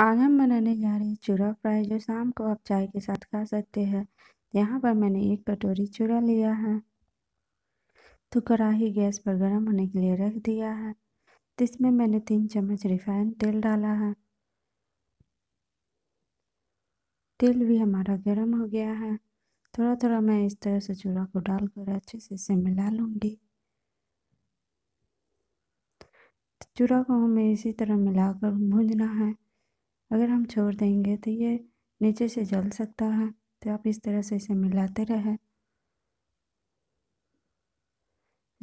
आज हम बनाने जा रहे हैं चूरा फ्राई जो शाम को आप चाय के साथ खा सकते हैं यहाँ पर मैंने एक कटोरी चूरा लिया है तो कढ़ाही गैस पर गर्म होने के लिए रख दिया है इसमें मैंने तीन चम्मच रिफाइंड तेल डाला है तेल भी हमारा गर्म हो गया है थोड़ा थोड़ा मैं इस तरह से चूड़ा को डालकर अच्छे से इसे मिला लूँगी चूड़ा को हमें इसी तरह मिलाकर भूंजना है अगर हम छोड़ देंगे तो ये नीचे से जल सकता है तो आप इस तरह से इसे मिलाते रहें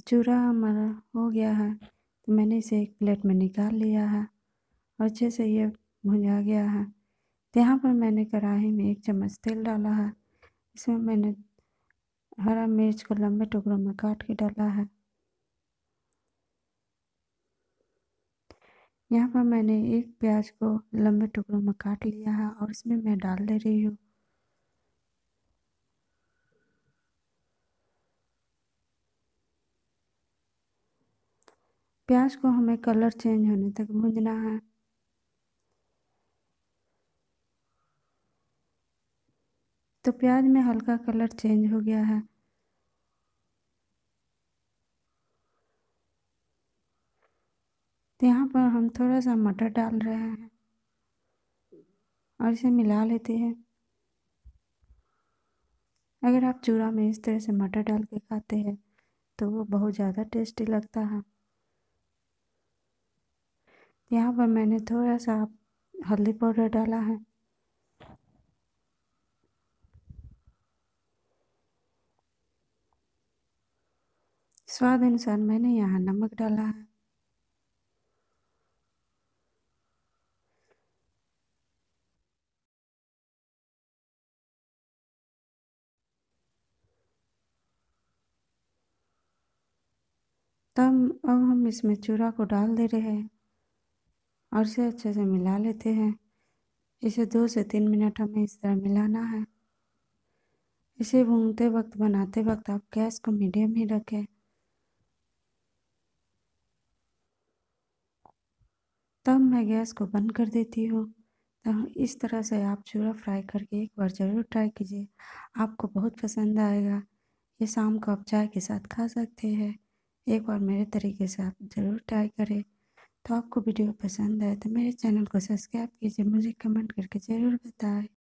चूरा हमारा हो गया है तो मैंने इसे एक प्लेट में निकाल लिया है और अच्छे से ये भुंजा गया है तो यहाँ पर मैंने कढ़ाई में एक चम्मच तेल डाला है इसमें मैंने हरा मिर्च को लंबे टुकड़ों में काट के डाला है यहाँ पर मैंने एक प्याज को लंबे टुकड़ों में काट लिया है और इसमें मैं डाल दे रही हूँ प्याज को हमें कलर चेंज होने तक भूंजना है तो प्याज में हल्का कलर चेंज हो गया है तो यहाँ पर हम थोड़ा सा मटर डाल रहे हैं और इसे मिला लेते हैं अगर आप चूड़ा में इस तरह से मटर डाल के खाते हैं तो वो बहुत ज़्यादा टेस्टी लगता है यहाँ पर मैंने थोड़ा सा हल्दी पाउडर डाला है स्वाद अनुसार मैंने यहाँ नमक डाला है तब अब हम इसमें चूड़ा को डाल दे रहे हैं और इसे अच्छे से मिला लेते हैं इसे दो से तीन मिनट हमें इस तरह मिलाना है इसे भूनते वक्त बनाते वक्त आप गैस को मीडियम ही रखें तब मैं गैस को बंद कर देती हूँ तो इस तरह से आप चूरा फ्राई करके एक बार ज़रूर ट्राई कीजिए आपको बहुत पसंद आएगा ये शाम को आप चाय के साथ खा सकते हैं एक बार मेरे तरीके से आप ज़रूर ट्राई करें तो आपको वीडियो पसंद आए तो मेरे चैनल को सब्सक्राइब कीजिए मुझे कमेंट करके ज़रूर बताएं